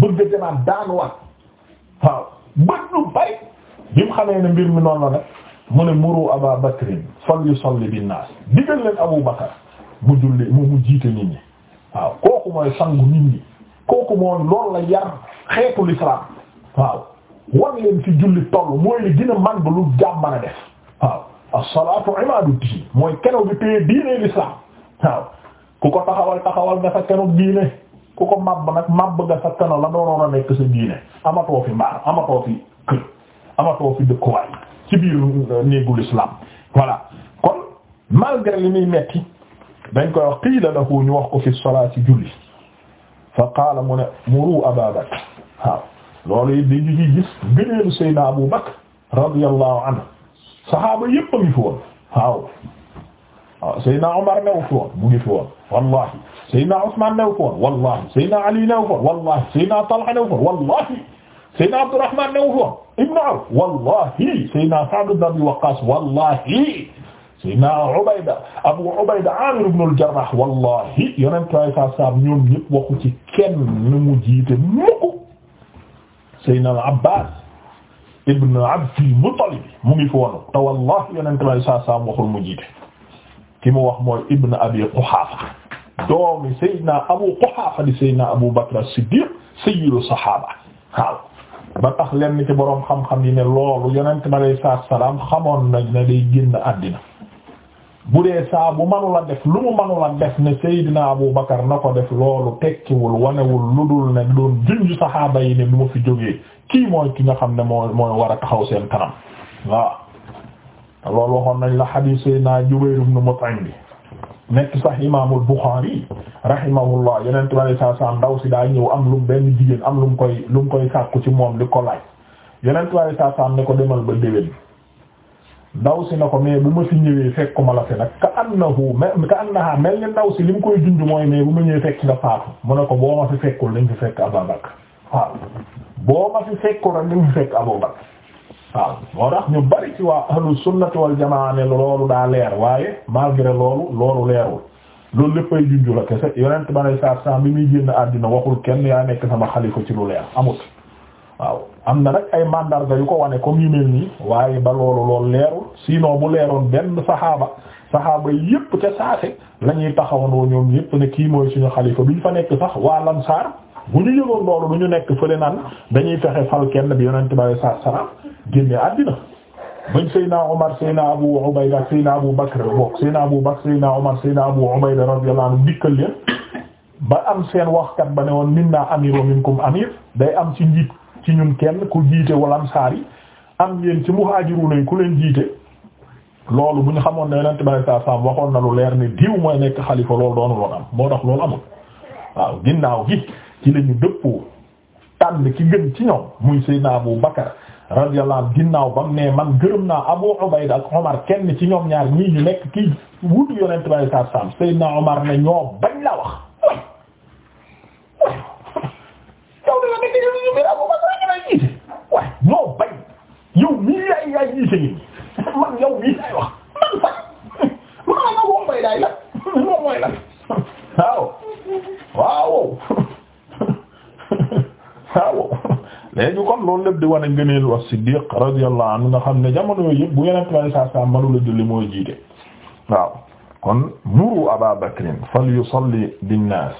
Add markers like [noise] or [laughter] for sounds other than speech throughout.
bëgg demaat daanuwaat waaw bët lu bari bi mu xamee ne mbir mi noonu la nag mu ne muru Aba Bakrin fal yusalli bin naas digal leen Abu mu julli mu mu jiite nit ñi waaw kooku mooy sangu nit ñi kooku mooy loolu la yar xeetu l'islam waaw wan leen fi julli toll mooy li gën a man ba lu jàmm mën def waaw as-salaatu imaadu diin mooy keno bi téye diine l'islam waaw ku ko taxawal taxawal nga sa keno diine ku ko màbb nag màbb nga sa kano la doonoon a nekk sa diine amatoo fi mbaar amatoo fi kër amatoo fi dëkkuwaay ci biir euh, néegul islam voilà kon malgré li muy metti dañ koy wax qiila lahu ñu wax ko fi salaa ci julli fa qaala mu ne muru Abaa Bakr waaw loolu it dañu ci gis gëneelu Seydina Abu Bakr radiyallahu anhu saxaaba yépp a ngi fi woon waaw waaw Seydina Umar newu fi woon mu ngi fi woon wallahi Seydina Ousmane new foon wallahi Seydina Ali new foon wallahi Seydina Talha new foon wallahi Seydina Abdourahmane new foon Ibn Awf wallahi Seydina Sa'd ibn Abi Waqqas wallahi Seydina Ubayda Abu Ubayda Amir ibn al-Jarrah wallahi yonent ay sa sam ñoom ñëpp waxu ci kenn nu mu jiite mukk Seydina al-Abbas ibn Abdil Muttalib mu ngi fi woon te wallahi yonent ay sa sam waxul mu jiite ki mu wax mooy Ibn Abi Quhafa doomi Seydina Abu Quhafa di Seydina Abu Bakr as-Siddiq sayyidu saxaaba waaw ba tax lenn ci boroom xam-xam yi ne loolu yonent bi alayhi salaam xamoon nañ ne day génn àddina bu dee saa bu manula def lu mu manula def ne Seydina Abu Bakar na ko def loolu tekkiwul wanewul lu dul ne doon junj saxaaba yi ne bu ma fi jógee kii mooy ki nga xam ne moo mooy war a taxaw seen kanam waaw loolu waxoon nañ la hadiis Seydina Jubayr ibn bi nekk sax imaamul Buxaari rahimahullah yeneen tubaab yi saa saa ndaw si daa ñëw am lum benn jigéen am lum koy lum koy sàkku ci moom di ko laaj yeneen tubaab yi saa saa ne ko demal ba déwén. ndaw si na ko mais bu ma fi ñëwee fekkuma la fi nag ka annahu ka annaha mel ni ndaw si li mu koy junj mooy mais bu ma ñëwee fekk nga faatu mu ne ko boo ma fi fekkul dañ fi fekk Abubakar waaw boo ma fi fekkul rek dañ fi fekk Abubakar waaw moo tax ñu bari ci waa ahlu sunnati wal ne loolu daa leer waaye malgré loolu loolu leerul loolu léppay junju la kese yonent ba nay saar saa mi muy génn àddina waxul kenn yaa nekk sama xalifa ci lu leer amut waaw am na nag ay mandarga yu ko wane comme yu mel nii waaye ba loolu loolu leerul sinon bu leeroon benn saxaaba saxaaba yépp ca saase la ñuy taxawandoo ñoom yépp ne kii mooy suñu xalifa bi ñu fa nekk sax waa lansaar bu ñu yëgoon loolu du ñu nekk fële naan dañuy fexe fal kenn bi yonent bi sallallahu alayhi wasallam génne àddina bañ Seyna Omar Seyna Abu Ubayda Seyna Abu Bakr bokk Seyna Abu Bakr Seyna Omar Seyna Abu Ubayda radiyallahu anhu leen ba am seen waxkat ba ne woon minna amiru minkum amir day am ci njiit ci ñun kenn ku jiite wala ansaar yi am ngeen ci muhaajiruun ku leen jiite. loolu bu ñu xamoon ne yonent bi sallallahu alayhi waxoon na lu leer ne diw mooy nekk xalifa loolu ci la ñu dëppoo ki gën ci ñoom muy Seydina Abu Bakar radiyallahu anhu ginnaaw ba mu ne man gërëm naa Abu Ubayda ak Omar kenn ci ñoom ñaar ñii ñu nekk kii wutu yonent bay sar sam Seydina Omar ne ñoo bañ la wax yow danga nekk ñu ñu biir Abu Bakar ñu lay jiite waaye ñoo bañ yow mii yaay yaay jiite ñi man yow mii yaay wax man sax maa Abu la moom mooy waaw léegi kon loolu lépp di wane ngëneel wa Siddiq radiyallahu anhu xam ne jamono yooyu yëpp bu yeneen tubaab saa saa mënu la julli mooy jiite waaw kon muru Abaa Bakrin falyusalli binnaas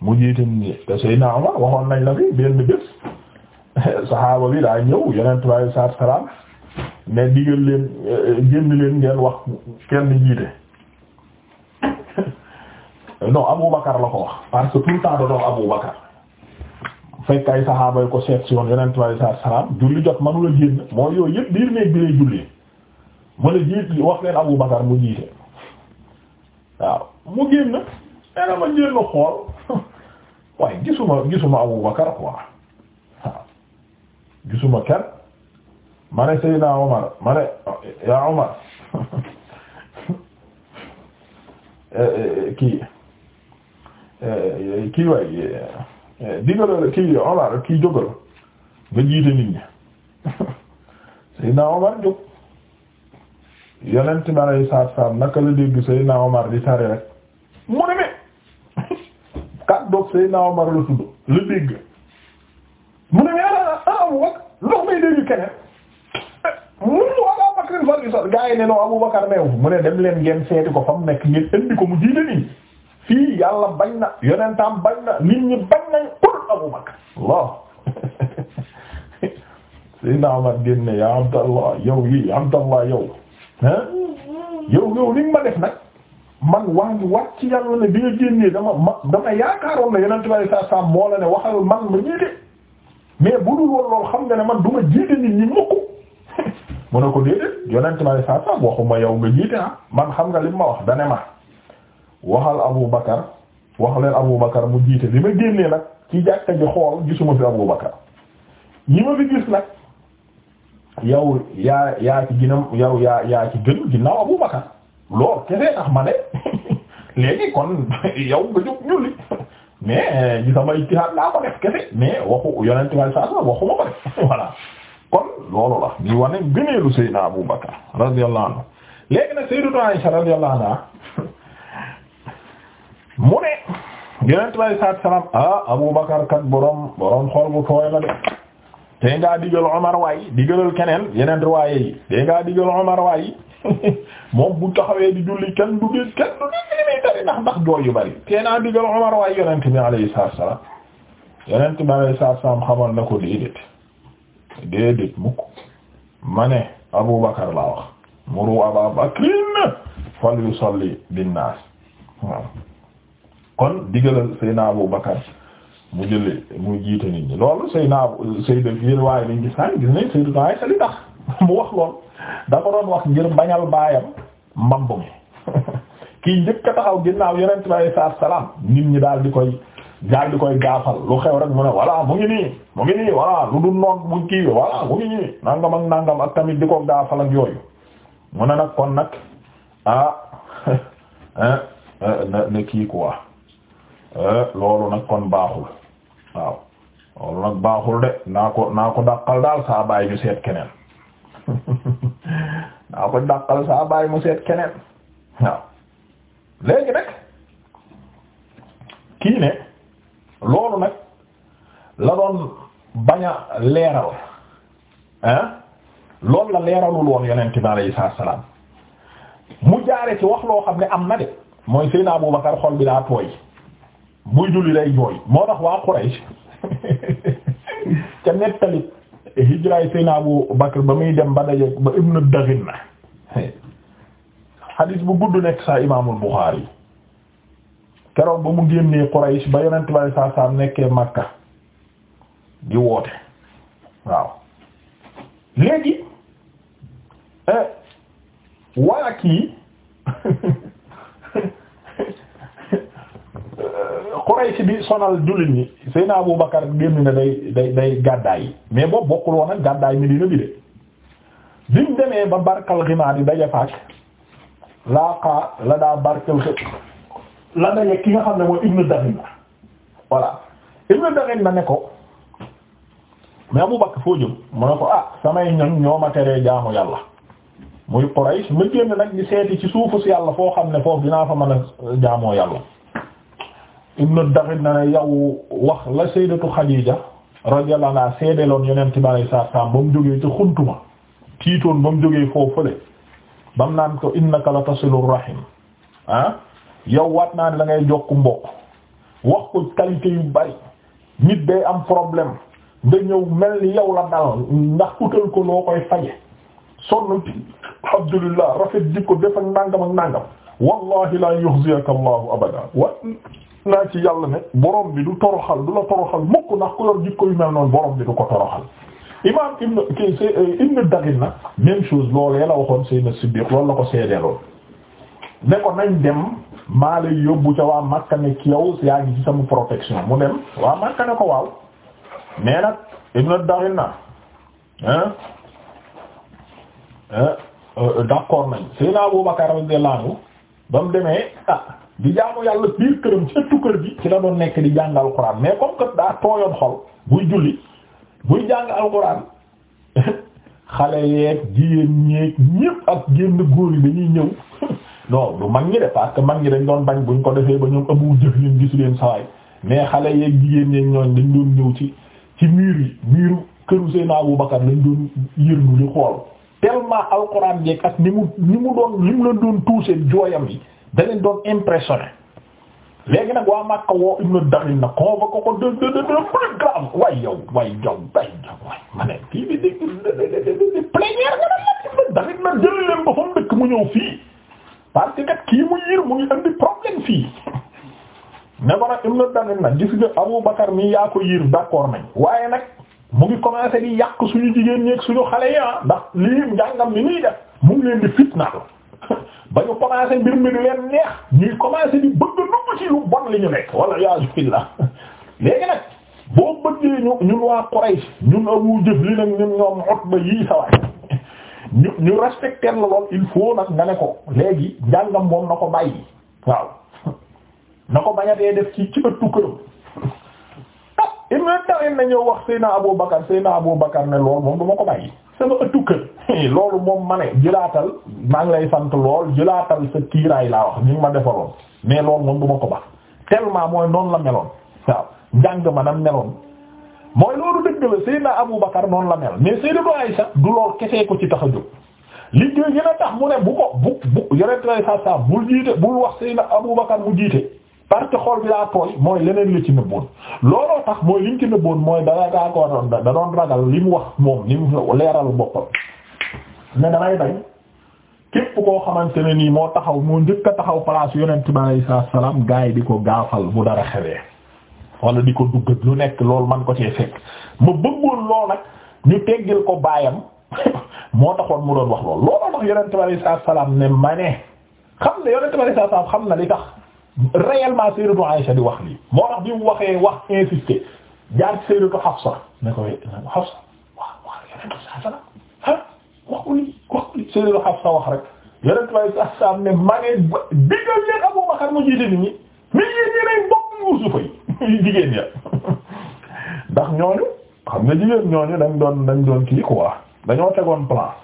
mu jiite ni la fi benn bés saxaaba bi daa ñëw yeneen tubaab saa salaam mais digal leen génn leen ngeen wax kenn jiite. non Abu la ko wax parce que tout le temps da doon fekk ay saxaaba yu ko seet si woon yonent bi sallallahu alayhi wasallam julli jot manula génn mooy yooyu yëpp biir néeg bi lay jullee mu ne jiit wax leen Abu Bakar mu jiite waaw mu génn dana ma génn xool [laughs] waaye gisuma gisuma Abu Bakar quoi waaw gisuma kenn ma ne Seydina Omar ma ne yaa Omar [laughs] eh, eh, kii eh, kii waay digalal kii Omar kii jógal nga jiite nit ñi Seydina Omar jóg yonent bi alayhi salaatu salaam naka la dégg Seydina Omar di tari rek mu ne me kàddoog Seydina Omar la tudd la dégg mu ne me ana ah, ah, ah, Abu Bakar ndox may dégg keneen mu Abu Bakar far gi sax gaa yi ne noo Abu Bakar meew mu ne dem leen ngeen seeti ko fa mu nekk ngeen indi ko mu yàlla bañ na yonentam bañ na nit ñi bañ nañ pour Abu Bakr Allah [laughs] Seydina Umar génne ya Abdallah yow yi Abdallah yow ah yow yow li nga ma def nag man waa ngi wàcc yàlla ne bi nga génnee dama ma dama yaakaaroon ne yonent bi sallallahu alayhi moo la ne waxal man ma jiite mais bu dul woon loolu xam nga ne man du ma jiite nit ñi mukk [laughs] mu ne ko déedéet yonent bi sallallahu alayhi wasallam waxuma yow nga jiite ah man xam nga li ma wax dane ma waxal Abu Bakar wax leen Aboubacar mu jiite li ma génnee nag ci jàkka ji xool gisuma fi Aboubacar ñi ma fi gis nag yow yaa yaa ci ginam yow yaa yaa ci gën ginnaaw Aboubacar lool kese tax ma ne [laughs] léegi kon [laughs] yow nga jóg ñulli [laughs] mais gi sama ijtihaad laa ko def kese mais waxu yonent way sasa waxuma ko def voilà kon loolu la ñi wane gëneelu Seydina Aboubacar radiyallahu anhu léegi nag Sayyidatu Aisha radiyallahu anha mu ne yonent bi alayhi salaatu salaam ah Abubakar kat borom borom xol bu tooy la de tey ngaa digal Omar waay digalal keneen yeneen riwaaye yi tey ngaa digal Omar waay [laughs] moom bu taxawee di julli kenn du dégg kenn du dégg li muy ndax ndax jooy yu bari tey naa digal Omar waay yonent bi alayhi salaatu salaam yonent bi alayhi salaatu salaam xamal na ko déedéet déedéet mukk ma ne Abubakar laa wax muru Abaa Bakrin falyusalli binnaas waaw. kon digalal Seyna Abu Bakar mu jëlee mu jiite nit ñi loolu Seyna Seyda Guèye waaye nañ gis naa gis nañ Seyda Aisha li tax [laughs] mu wax lool dafa doon wax ngir bañal baayam mbamb mi [laughs] kii njëkk a taxaw ginnaaw Yonent bi alayhi salaatu salaam nit ñi daal di koy daal di koy gaafal lu xew rek mu ne voilà mu ngi nii mu ngi nii voilà lu dul noon mu kii voilà mu ngi nii nangam ak nangam ak tamit di ko gaafal ak yooyu mu ne nag kon nag ah, [laughs] ah, ah ne kii quoi. Eh, loolu nag kon baaxul waaw loolu nag baaxul de naa ko naa ko dàqal daal saa baay ñu seet keneen [laughs] naa ko dàqal saa mu seet keneen waaw léegi nag kii ne loolu nag la doon bañ a leeral ah loolu la leeralul woon yonent bi alayhi mu jaare ci wax loo xam ne am na de mooy Seydina Abubakar xol bi daa tooy buy julli day jooy moo tax waa Quraysh [laughs] ca nettali hijraay Seydina Abu ba muy dem ba daje ba Ibnu Daghina xadiis bu gudd nekk sa Imaamul Buxaari keroog ba mu génnee Quraysh ba yonent ba saa saa nekkee Makka di woote waaw léegi eh, waa kii [laughs] sonal jullit ñi Seydina Abu génn na day day day yi mais boobu bokkul woon ak gàddaay Medina bi de bi mu demee ba barkal ximaar yi daje faak laaqa la daa barkal la daje ki nga xam ne mooy Ibnu Daxina voilà Ibnu Daxina ne ko mais Abu foo jëm mu ne ko ah samay ñoñ ñoo ma teree jaamu yàlla muy Quraysh ma génn nag di seeti ci suufu si yàlla foo xam ne foofu dinaa fa mën a jaamoo yàlla ibnu Daxil na ne yow wax la sayyidatu Xadiija radiyallahu anha seedeeloon yonent bi alayhi salaam ba mu jógee ci xuntuma tiitoon ba mu jógee foofule ba mu naan ko innaka la tasilu rahim ah yow waat naa ne da jokk mbokk wax ko qualité yu bari nit day am problème nga ñëw mel ni yow la dal ndax utal ko loo koy faje sonn alhamdulillah rafet di ko def ak nangam ak nangam. wallahi la yuxziyaka allahu abada wa naa ci yàlla ne borom bi du toroxal du la toroxal mukk ndax ku yor jikko yu mel noonu borom bi du ko toroxal imam ibn ki eh, ibn Daghina nag même chose loolee la waxoon Seydina Siddiq loolu la ko seedeeloon ne ko nañ dem maa lay ca waa Makka ne ki yow yaa ngi ci sama protection mu dem waa Makka ne ko waaw mais nag ibn Daghina hein hein euh, d'accord nañ Seydina Abubakar radiyallahu anhu ba mu demee ah, di jaamu yàlla biir këram ci ëttu kër gi ci la doon nekk di jàng alxuraan mais comme que daa tooyoon xol buy julli buy jàng alxuraan [laughs] xale yeeg jigéen ñeeg ñépp ak génn góor yi dañuy ñëw [laughs] non du mag ñi de parce que mag ñi dañ doon bañ buñ ko defee ba ñoom abu jëf leen gis leen sawaay mais xale yeeg jigéen ñeeg ñooñ dañ doon ñëw ci ci miir yi miiru këru Seydina Abu Bakar lañ doon yërnu di xool tellement alxuraan jeeg ak ni mu ni mu doon ni mu la doon touché jooyam yi da doon impressionné léegi nag waa Makka woo Ibnu Daxil na convoqué ko de de de plus grave waaye yow waaye yow waaye yow waaye ma ne kii bi dégg plénière nga na lat Ibnu na jël leen ba fa dëkk mu ñëw fii parce kat kii mu yir mu ngi andi problème fii ne ko nag Ibnu Daxil na gis nga Abu Bakar mi yaa ko yir d'accord nañ waaye nag mu ngi commencé di yàq suñu jigéen ñi ak suñu xale ya ah. ndax lii njàngam ni nii def mu ngi leen di fitnaal [laughs] ba ñu commencé mbir mi di leen neex ñuy commencé di bëgg dugg ci lu bon li ñu nekk wala yaasu billah [laughs] léegi nag boo bëggee ñu ñun waa Quraysh ñun Abu Jahl li nag ñun ñoom Utba yii sawaay [laughs] ñu ñu respecté lool il faut nag nga ne ko léegi njàngam moom na ko bàyyi waaw na ko bañatee def ci ci ëttu këram Ibn Taym na ñëw wax Seyna Abu Bakar Seyna Abu Bakar ne lool moom dama ko bàyyi sama ëttu kër [laughs] loolu moom ma ne jëlaatal maa ngi lay sant lool jëlaatal sa kiiraay laa wax ñu ma defaloon mais loolu moom dama ko baax tellement mooy noonu la meloon waaw njàng ma nam meloon mooy loolu dëgg la Seyna Abu Bakar noonu la mel mais Seyna Aysa du lool kese ko ci tax a jóg liggéey gën a tax mu ne bu ko bu bu yore lay sa bul jiite bul wax Seyna Abu Bakar parce que xol bi laa tooy mooy leneen li ci nëbboon looloo tax mooy li ci nëbboon mooy dara daa ko doon da doon ragal li mu wax moom li mu leeralu boppam ne damay bay képp koo xamante ne nii moo taxaw moo njëkk a taxaw place yonent bi alayhi salaam gaa yi di ko gaafal bu dara xewee wala di ko dugg lu nekk loolu man ko cee fekk ma bëggoon lool nag ñu teggil ko baayam [laughs] moo taxoon mu doon wax lool looloo tax yonent bi alayhi salaam ne ma ne xam ne yonent bi réellement Sayyidatu Aïcha di wax lii moo tax bi mu waxee wax insisté jaar Sayyidatu Hafsa ne ko Hafsa waaw waaw yeneen saa sa la ah waxu lii waxu lii Sayyidatu wax rek yeneen saa sa Abu Bakar mu jiite nit ñi mais yéen ñeneen bokk mu suufa yi [laughs] jigéen ña [laughs] ndax ñooñu xam nga jigéen ñooñu dañ doon dañ doon kii quoi dañoo tegoon plan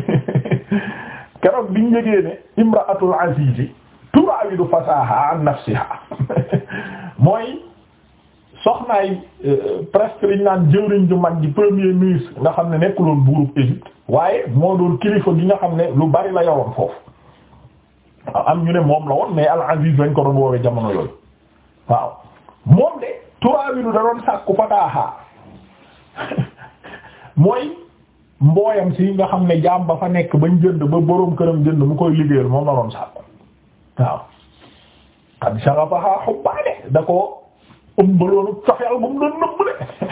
[laughs] keroog biñ yëgee ne imra'atul aziz turaawidu fasaha an nafsiha [laughs] mooy soxnaay euh, presque liñ naan jëwriñ ju mag ji premier ministre nga xam ne nekkuloon buurub Égypte waaye moo doon kilifa gi nga xam ne lu bari la yoroon foofu am ñu ne moom la woon mais al-Aziz lañ ko doon woowee jamono yooyu waaw moom de turaawidu da doon sàkku fasaha [laughs] mooy mbooyam si nga xam ne jaam ba fa nekk bañ jënd ba boroom këram jënd mu koy liggéeyal moom la doon sàkku waaw xam sharafaha hubbaane da ko ëmbaloonu cofeel bu mu doon nëbb de [laughs]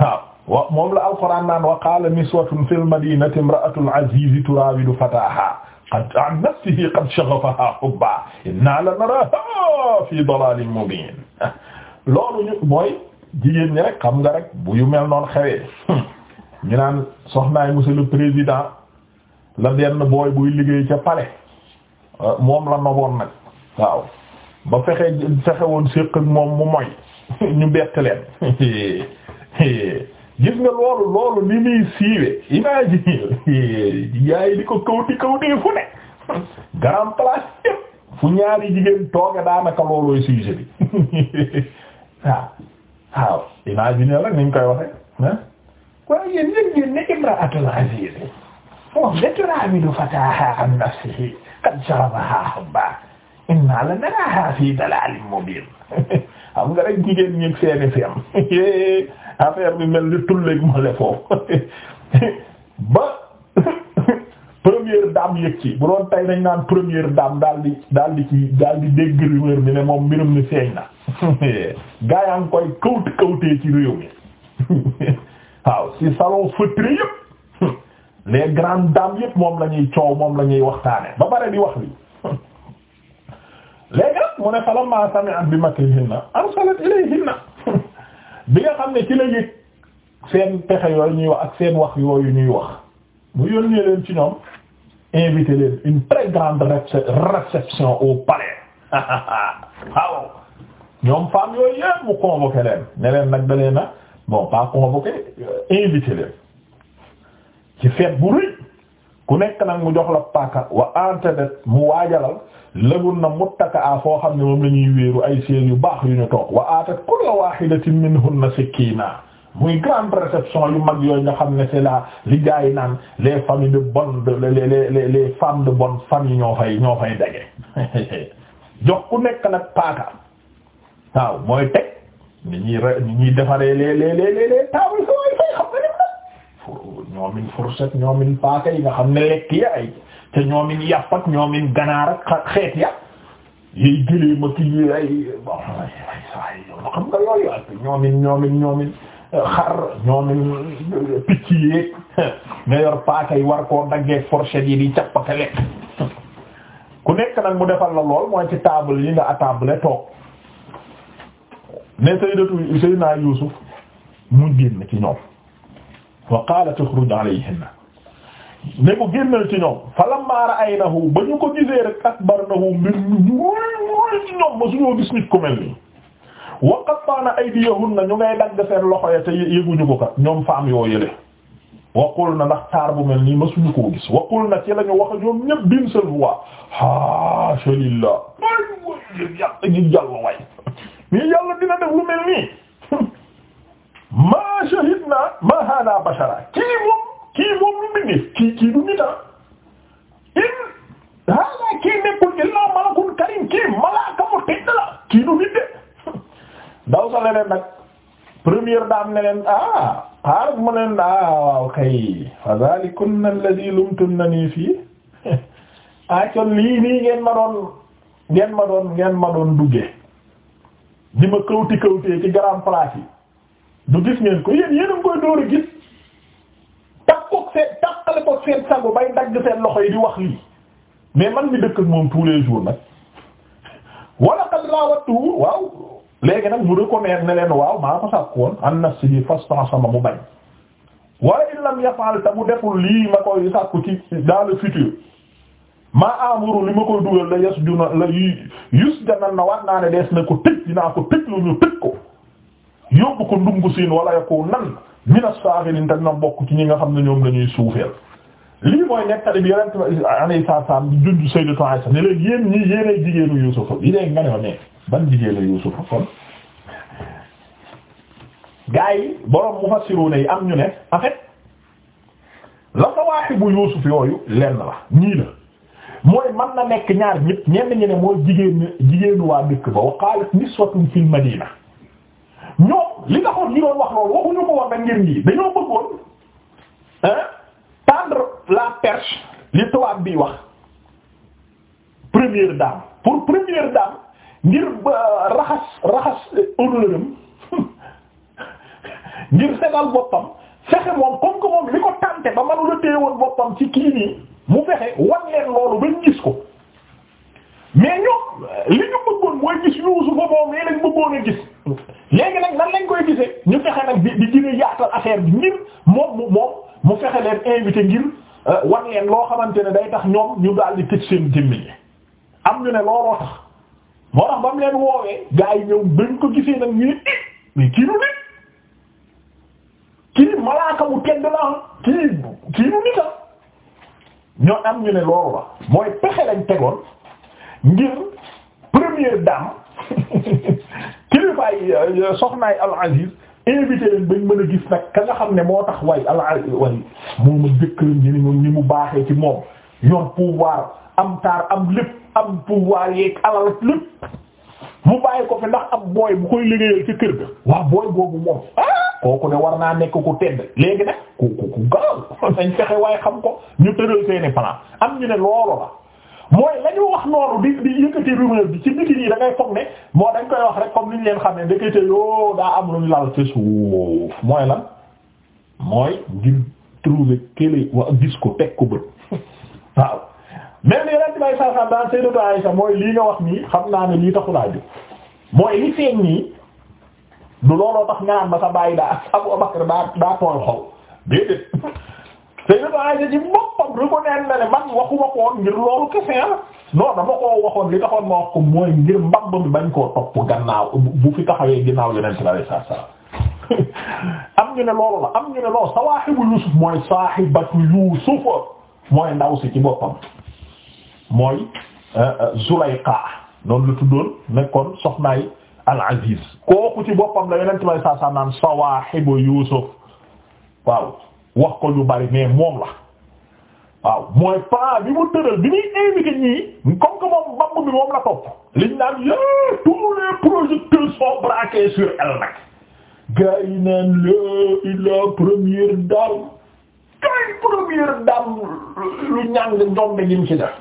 waaw wa moom la alquran naan wa qaala niswatun fil madinati imra'atul azizi turawidu fataha qad an nafsihi qad shaghafaha hubban inna lanaraha fi dalalin mubin [laughs] loolu ñu mooy jigéen ñi rek xam nga rek bu yu mel noon xewee [laughs] ñu naan soxnaay monsieur le président la benn booy buy liggéey ca palais moom la noboon nag waaw ba fexe fexe woon séq ak moom mu moy [laughs] ñu bett leen [laughs] gis nga loolu loolu ni muy siiwe imagine yaa [laughs] yi ko kawti kawtee fu ne grand place fu ñaari jigéen tooge daanaka loolooy sujet bi waaw waaw imagine rek ni ñu koy waxe ah waaye yéen yëg ngeen ne imra'atul aziz moom de turamidu fataha an nafsihi qad sharabaha hubba inna la naraha fi dalalin mubin xam nga rek jigéen ñi seeni fi am [laughs] affaire bi mel ni tulleeg mole foofu [laughs] ba [laughs] première dame yëg ci bu doon tey dañ naan première dame daal di daal di ci dégg rumeur bi ne moom mbirum ni feeñ na gaa koy kawti kawtee ci réew mi waaw ci salon feutré yëpp les grand dames yëpp moom la ñuy coow moom la ñuy waxtaane ba pare di wax li [laughs] léegi nag mu ne falamma sami'at bi makrihinna arsalat ilayhinna [laughs] bi nga xam ne ci la seen pexe yooyu ñuy wax ak seen wax yooyu ñuy wax mu yónnee leen ci ñoom invité leen une très grande réception au palais [laughs] waaw ñoom yooyu yëpp mu convoqué leen ne nag da leen a bon pas convoqué euh, leen ci feet bu rëy ku nekk nag mu jox la paaka wa antadat mu waajalal lëgun na muttaka a foo xam ne moom la ñuy wéeru ay seen yu baax yu ñu toog wa atat kulla wahidatin minhunna naa muy grande réception yu mag yooyu nga xam ne sela la li gars naan les familles de bonne les les les femmes de bonne famille ñoo fay ñoo fay daje [laughs] jox ku nekk nag paaka waaw mooy teg ni ñuy re ni ñuy defaree les les les les tables yooyu fay xam nga ñoomin fourchette ñoomin paaka yi nga xam ne lekk ya ay te ñoomin yàpp ak ñoomin ganaar xeet ya yiy gëlee ma kii ay bon ay xam nga yooyu ak ñoomin ñoomin ñoomin euh, xar ñoomin euh, picc yeeg [laughs] nga yor paaka yi war koo daggee fourchette yi di capp ak ku nekk nag mu defal la lool mooy ci table yi nga attablé toog ne Sayyidatu Sayyidina Yuusuf mu génn ci ñoom. wa qaalat ukhruj alayhinna ne ko génnal ci ñoom falammaa ra'aynahu ba ñu ko gisee rek akbarnahu mbir ñu wóor ci ñoom ba suñoo gis nit ku mel nii wa qatta'na aydiyahunna ñu ngay dagg seen loxo ya te yëguñu ko kat ñoom faam yoo yële waqul na ndax bu mel nii ma suñu koo gis waqul na ci la ñu wax ñoom ñëpp d'une seule voix haasha lillah way way yàlla dina def lu mel nii [laughs] shahidna ma hada bashara kii moom kii moom lu mbindeef kii kii du nit ah in hada kii nekkul illa malakun karim kii malaaka mu tedd la kii du nit de [laughs] daw sa leneen nag première dame ne leen ah xaaral mu leen ah waaw fa zalikunna alladhi lumtunnani fii ah [laughs] kon lii nii ngeen ma doon ngeen ma doon ngeen ma doon duggee di ma kawti kawtee ci grand place du gis ngeen ko yéen yéen a ngi koy door a gis takkoog seen takkale ko seen sago bay dagg seen loxo yi di wax lii mais man mi dëkk ak moom tous les jours nag [laughs] wala qad raawattuhu waaw léegi nag mu reconnaître ne waaw maa ko sàkk woon an nafsihi fastasama mu bañ wala in lam te mu deful lii ma koy sàkku ci dans le futur maa amuru li ma koy dugal la yas juna la yus janal na war naa ne dees na ko tëj dinaa ko tëj lu ñu tëj ko yóbbu ko ndungu siin wala yakun nan min as-saafiliin te dina bokk ci ñi nga xam ne ñoom lañuy suufeel lii mooy nettali bi yonent alayhi salaam bi junj Sayyidatu Aisha ne leen yéen nga ne ma nee ban jigéen la Yuusuf kon gaa yi borom mufassiruuna yi am ñu ne en fait la sawaahibu Yuusuf yooyu lenn la ñii la mooy mën na nekk ñaar ñëpp ñenn ñi ne mooy jigéen jigéenu waa dëkk ba wa qaalat niswatun fil madiina ñoo li nga xool ñu doon wax loolu waxuñu ko woon da ngeen lii dañoo bëggoon tendre la perche li tubaab bi wax première dame pour première dame ngir euh, raxas raxas honneuram [laughs] ngir segal boppam fexe moom comme que moom li ko tànte ba mënula téye woon boppam ci kii nii mu fexe wan leen loolu ba ñu ko mais ñoom li ñu bëggoon mooy gis Yuusufa moom lañ bëggoon a gis léegi nag nan lañ koy gisee ñu fexe nag di di gën a yaatal affaire bi ngir moom mu moom mu fexe leen invité ngir euh, wan leen loo xamante ne day tax ñoom ñu daal di tëj seen jëmmi ñi am ñu ne looloo tax yi ñëw bañ ko gisee nag ñu ne eh, ah. am ñu ne loolu la mooy pexe lañ tegoon. ngir première dame [laughs] kilifaay euh, soxnaay Al Aziz invité leen bañ mën a gis nag ka nga xam ne moo tax way Al Aziz way moom ak jëkkëram ni mu baaxee ci moom yor pouvoir am taar am lépp am pouvoir yeeg alal lépp mu bàyyi ko fi ndax ab booy bu koy liggéeyal ci kër ga waa booy boobu moom ah, kooku ne war naa nekk ku tedd léegi nag ku ku ku gaaw dañ [laughs] fexe waaye xam ko ñu tëral seeni plan am ñu ne loolu la mooy la ñu wax noonu di di yëkkati rumeur bi ci biti nii da foog ne moo dañ koy wax rek comme ni ñu leen xam ne ndekete yoo daa am lu ñu lal ci suuf mooy gis ko teg ko bët [laughs] waaw lii nga wax nii xam naa ne lii taxulaa jóg mooy li feeñ nii du looloo tax nga naan ma sa bàyyi daa Abu Bakr daa daa tooy xol déedéet [laughs] te yéen aay ci boppam reconnaître na ne man waxuma ko woon ngir loolu kese la ah. non dama koo ngir mbamba mi bañ koo gannaaw bu fi taxawee ginnaaw yeneen ci la lay am ñu ne loolu la am ñu ne loolu sawaahibu Yuusuf mooy saahibatu Yuusuf mooy ndaw si ci boppam mooy euh, euh, Zulayqa noonu lu tuddoon nekkoon soxnaay al-Aziz kooku ci boppam la yeneen ci la lay saa saa naan sawaahibu wax ko ñu bari mais moom la waaw mooy plan bi mu tëral bi muy invité ñii comme que moom bamb bi moom la topp liñ naan yé tous les projecteurs sont braqués sur elle nag gars yi naan la la première dame kay première dame lu ñàng njombe gim ci def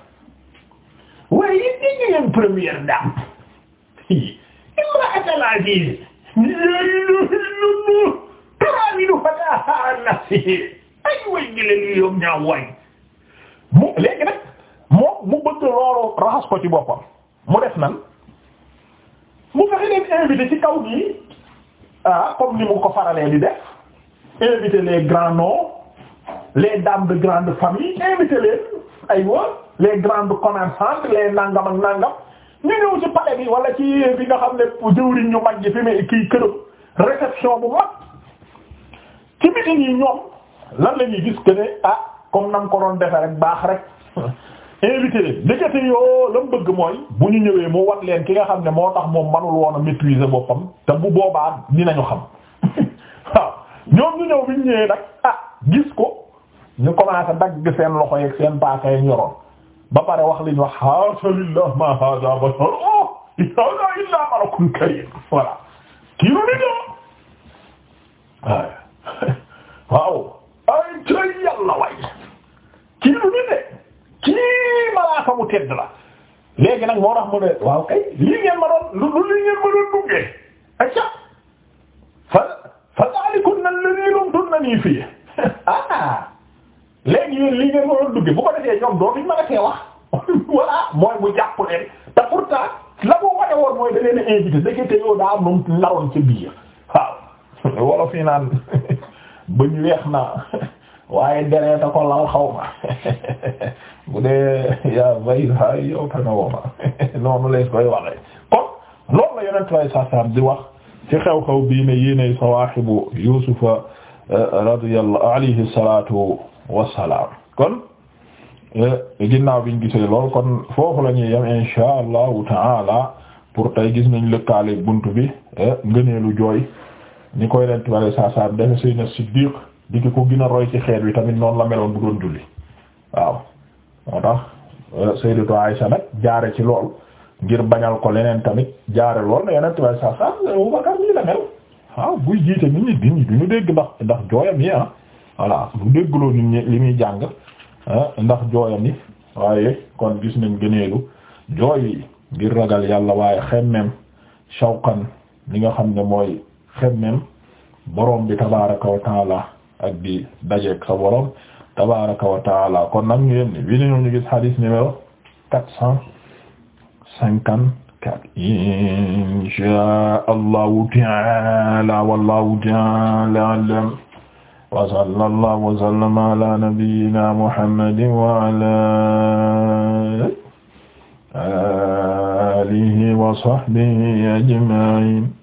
waaye yit ñi ngi première dame imraatal aziz turaamidu fataaha an nafsihi ay mu léegi nag moom mu bëgg loolu raxas ko ci boppam mu def nan mu fexe leen invité ci kaw gi ah comme ni mu ko faralee di def invité les grands noms les dames de grande famille invité leen aywa les grandes commerçantes les nangam ak nangam ñu ñëw ci palais bi wala ci bi nga xam ne jëwriñ ñu mag ji fi mu kii këram réception bu mag ci bitim yi ñoom lan la ñuy gis que ne ah comme nam ko doon defe rek baax rek invité ndekete yoo la mu bëgg mooy bu ñu ñëwee mu wat leen ki nga xam ne moo tax moom manul woon a maîtriser boppam te bu boobaa dinañu xam [laughs] waaw ñoom ñu ñëw bi ñu ñëwee nag ah gis ko ñu commencé dagg seen loxo yeeg seen paaka yeeg ñoroon ba pare wax li ñu wax alhamdulilah ma hada basar oh, oh illa malakun karim voilà kii la ñu ñëw waaye. waaw ay tey yàlla way kii lu nit de kii mu tedd la léegi nag moo tax waaw kay lii ngeen ma doon lu lii ngeen ma doon duggee acca fa fa dalikunna alladhi lumtunnani fii [laughs] ah léegi yéen lii ngeen ma bu ko defee ñoom dootuñ mën a tee wax [laughs] mooy mu jàpp leen te pourtant la mu wane woon mooy da leen a invité ndekete yow daa am lu mu naroon biir waaw wala [laughs] fii naan bëñ weex na waaye dereeta ko lal xaw ma bu dee yaa bay hay yow tanga noonu lees koy waxee kon loolu la yonent lay saasaam di wax ci xew-xew bii ne yéenay sawaahibu yusufa eh, radiyallahu alayhi salatu wassalaam kon eh, ginnaaw biñ gisee lool kon foofu la ñuy yem insha allahu taala pour tey gis nañ lëkkaale bunt bi eh, ngëneelu jooy ni koy leen tibale saa saa dafa Seydina Siddiq di ki ko gën a roy ci xeet wi tamit noonu la meloon bu doon julli waaw moo tax euh, Sayyidatu Aisha nag jaare ci lool ngir bañal ko leneen tamit jaare lool na yeneen tibale saa saa Abu nii la mel waaw buy jiite nit ñi nit ñu dégg ndax ndax jooyam yi ah voilà du déggloo nit ñi li muy jàng ah, ndax jooyam yi waaye kon gis nañ gëneelu jooy yi ngir ragal yàlla waaye xemmem shawqan li nga xam ne mooy xemmem borom bi tabaraka wa taala ak di dajeek sa borom tabaraka wa taala kon nag ñu yem ni bii ñu gis hadith numéro quatre cent cinquante-quatre insha allahu taala wallahu taala alam wa sallallahu wa sallama ala nabiyyina muhammadin wa ala alihi wa sahbihi ajma'in